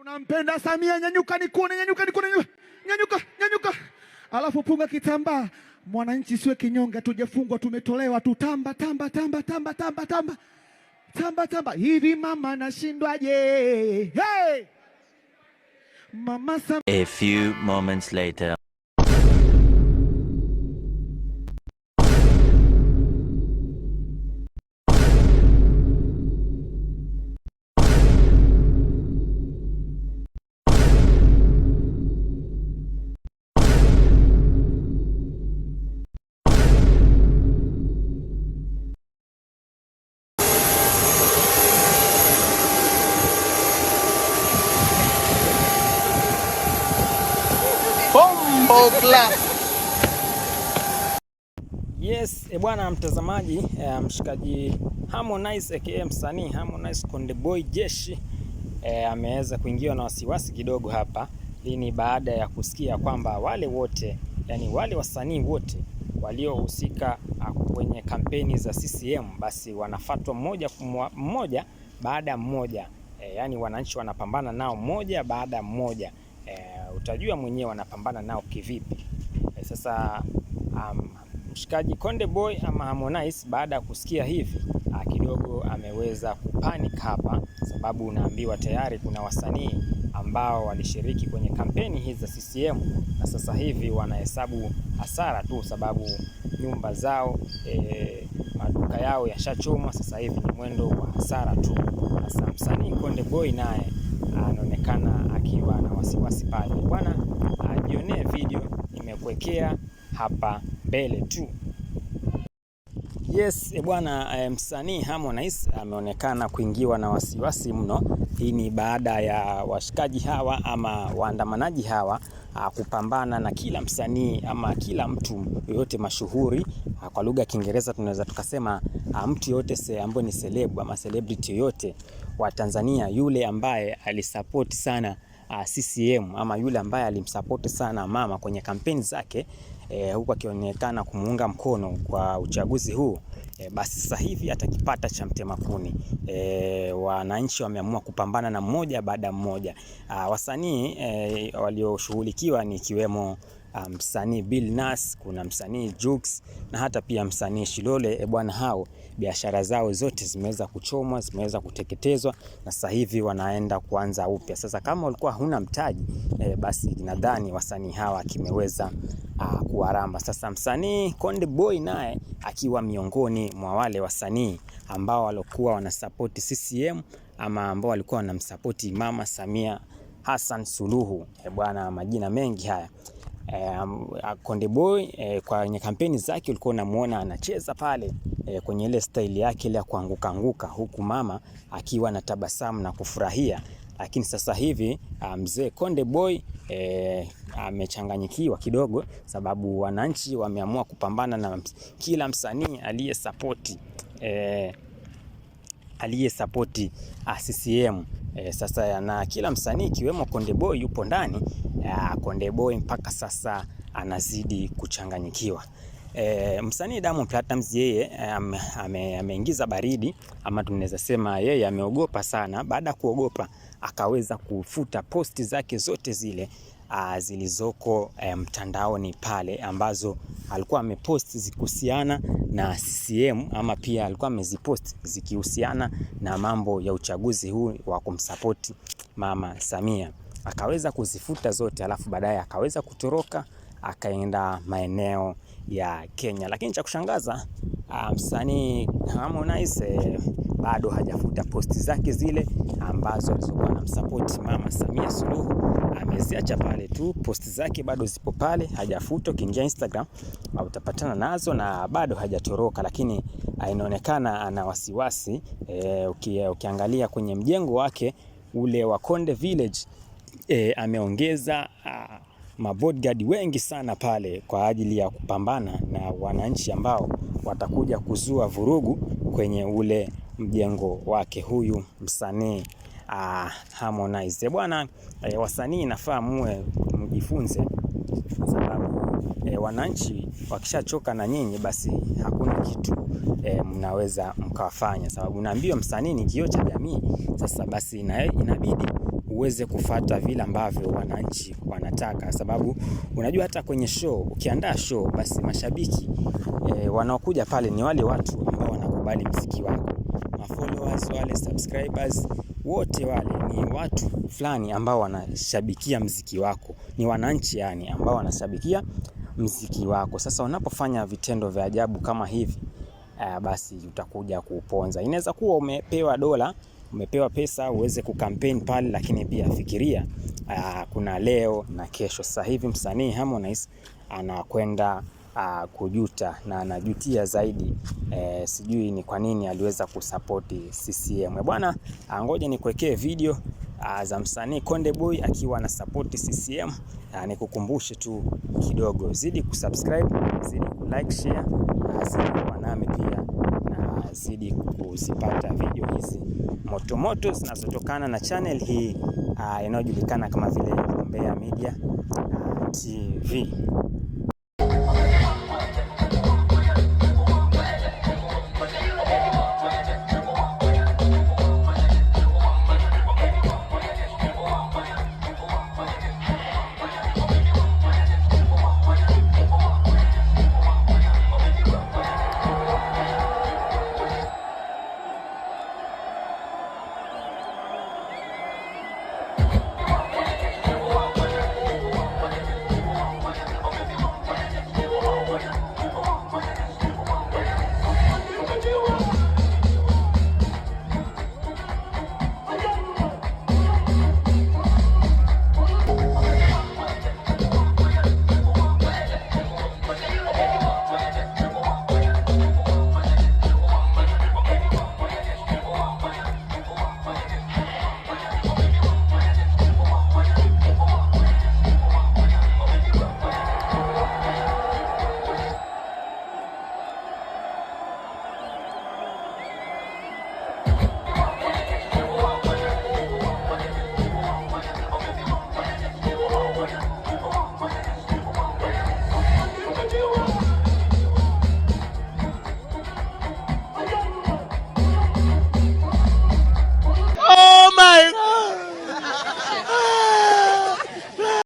Unampenda Samia, nyanyuka nikuone, nyanyuka nikuone, nyanyuka, nyanyuka. Alafu funga kitambaa. Mwananchi siwe kinyonge, tujafungwa tumetolewa, tutamba tamba tamba tamba tamba tamba tamba tamba. Hivi mama nashindwaje? Hey! Mama Sam A few moments later. Yes, e bwana mtazamaji, e, mshikaji Harmonize aka msanii Harmonize Konde Boy Jeshi e, ameweza kuingiwa na wasiwasi kidogo hapa. Hii ni baada ya kusikia kwamba wale wote yani wale wasanii wote waliohusika kwenye kampeni za CCM basi wanafatwa mmoja mmoja baada ya mmoja e, yani wananchi wanapambana nao mmoja baada ya mmoja utajua mwenyewe wanapambana nao kivipi. E, sasa um, mshikaji Konde Boy ama Harmonize baada ya kusikia hivi ah, kidogo ameweza kupanic hapa, sababu unaambiwa tayari kuna wasanii ambao walishiriki kwenye kampeni hizi za CCM na sasa hivi wanahesabu hasara tu, sababu nyumba zao e, maduka yao yashachomwa. Sasa hivi ni mwendo wa hasara tu. Sasa msanii Konde Boy naye anaonekana akiwa na wasiwasi pale. Bwana, ajionee video nimekuwekea hapa mbele tu. Yes, eh, bwana eh, msanii Harmonize ameonekana kuingiwa na wasiwasi mno. Hii ni baada ya washikaji hawa ama waandamanaji hawa ah, kupambana na kila msanii ama kila mtu yoyote mashuhuri Ah, kwa lugha ya Kiingereza tunaweza tukasema ah, mtu yoyote ambaye ni celeb ama celebrity yote wa Tanzania yule ambaye alisupport sana a, ah, CCM ama yule ambaye alimsupport sana mama kwenye kampeni zake e, huku akionekana kumuunga mkono kwa uchaguzi huu e, basi sasa hivi atakipata cha mtema kuni. E, eh, wananchi wameamua kupambana na mmoja baada ya mmoja. Wasanii e, walioshughulikiwa ni kiwemo Ah, msanii Bill Nas, kuna msanii Jux na hata pia msanii Shilole. E bwana, hao biashara zao zote zimeweza kuchomwa, zimeweza kuteketezwa na sasa hivi wanaenda kuanza upya. Sasa kama ulikuwa huna mtaji e, basi nadhani wasanii hawa kimeweza ah, kuwaramba. Sasa msanii Konde Boy naye akiwa miongoni mwa wale wasanii ambao walikuwa wanasapoti CCM ama ambao walikuwa wanamsapoti Mama Samia Hassan Suluhu. E bwana, majina mengi haya. Konde Boy eh, kwenye kampeni zake ulikuwa unamuona anacheza pale eh, kwenye ile style yake ile ya kuanguka anguka, huku mama akiwa na tabasamu na kufurahia. Lakini sasa hivi mzee Konde Boy eh, amechanganyikiwa kidogo, sababu wananchi wameamua kupambana na kila msanii aliyesapoti eh, aliyesapoti CCM eh, sasa na kila msanii ikiwemo Konde Boy yupo ndani uh, Konde Boy mpaka sasa anazidi kuchanganyikiwa. E, msanii Diamond Platnumz yeye e, ameingiza ame baridi ama tunaweza sema yeye ameogopa sana. Baada ya kuogopa akaweza kufuta posti zake zote zile a, zilizoko e, mtandaoni pale ambazo alikuwa amepost zikuhusiana na CCM ama pia alikuwa amezipost zikihusiana na mambo ya uchaguzi huu wa kumsapoti Mama Samia akaweza kuzifuta zote, alafu baadaye akaweza kutoroka akaenda maeneo ya Kenya. Lakini cha kushangaza ah, msanii Harmonize eh, bado hajafuta posti zake zile ambazo alizokuwa na anamsupport Mama Samia Suluhu, ameziacha pale tu. Posti zake bado zipo pale, hajafuta. Ukiingia Instagram ah, utapatana nazo, na bado hajatoroka, lakini ah, inaonekana ana wasiwasi e, uki, ukiangalia kwenye mjengo wake ule wa Konde Village e, ameongeza a, mabodyguard wengi sana pale kwa ajili ya kupambana na wananchi ambao watakuja kuzua vurugu kwenye ule mjengo wake huyu msanii Harmonize. Bwana e, wasanii nafaa muwe mjifunze sababu e, wananchi wakishachoka na nyinyi basi hakuna kitu e, mnaweza mkawafanya, sababu naambiwa msanii ni kioo cha jamii. Sasa basi inabidi uweze kufata vile ambavyo wananchi wanataka, sababu unajua hata kwenye show, ukiandaa show basi mashabiki e, wanaokuja pale ni wale watu ambao wanakubali mziki wako, mafollowers wale, subscribers wote wale ni watu fulani ambao wanashabikia mziki wako, ni wananchi yani ambao wanashabikia mziki wako. Sasa unapofanya vitendo vya ajabu kama hivi, eh, basi utakuja kuponza. Inaweza kuwa umepewa dola umepewa pesa uweze kukampeni pale, lakini pia fikiria aa, ah, kuna leo na kesho. Sasa hivi msanii Harmonize anakwenda Uh, kujuta na anajutia zaidi eh, sijui ni kwa nini aliweza kusapoti CCM bwana. Ah, ngoja nikuwekee video uh, za msanii Konde Boy akiwa anasapoti CCM. Uh, nikukumbushe tu kidogo, zidi kusubscribe, zidi kulike, share, zidi kuwa nami pia unazidi kuzipata video hizi motomoto zinazotokana na channel hii ah, inayojulikana kama vile Umbea Media ah, TV.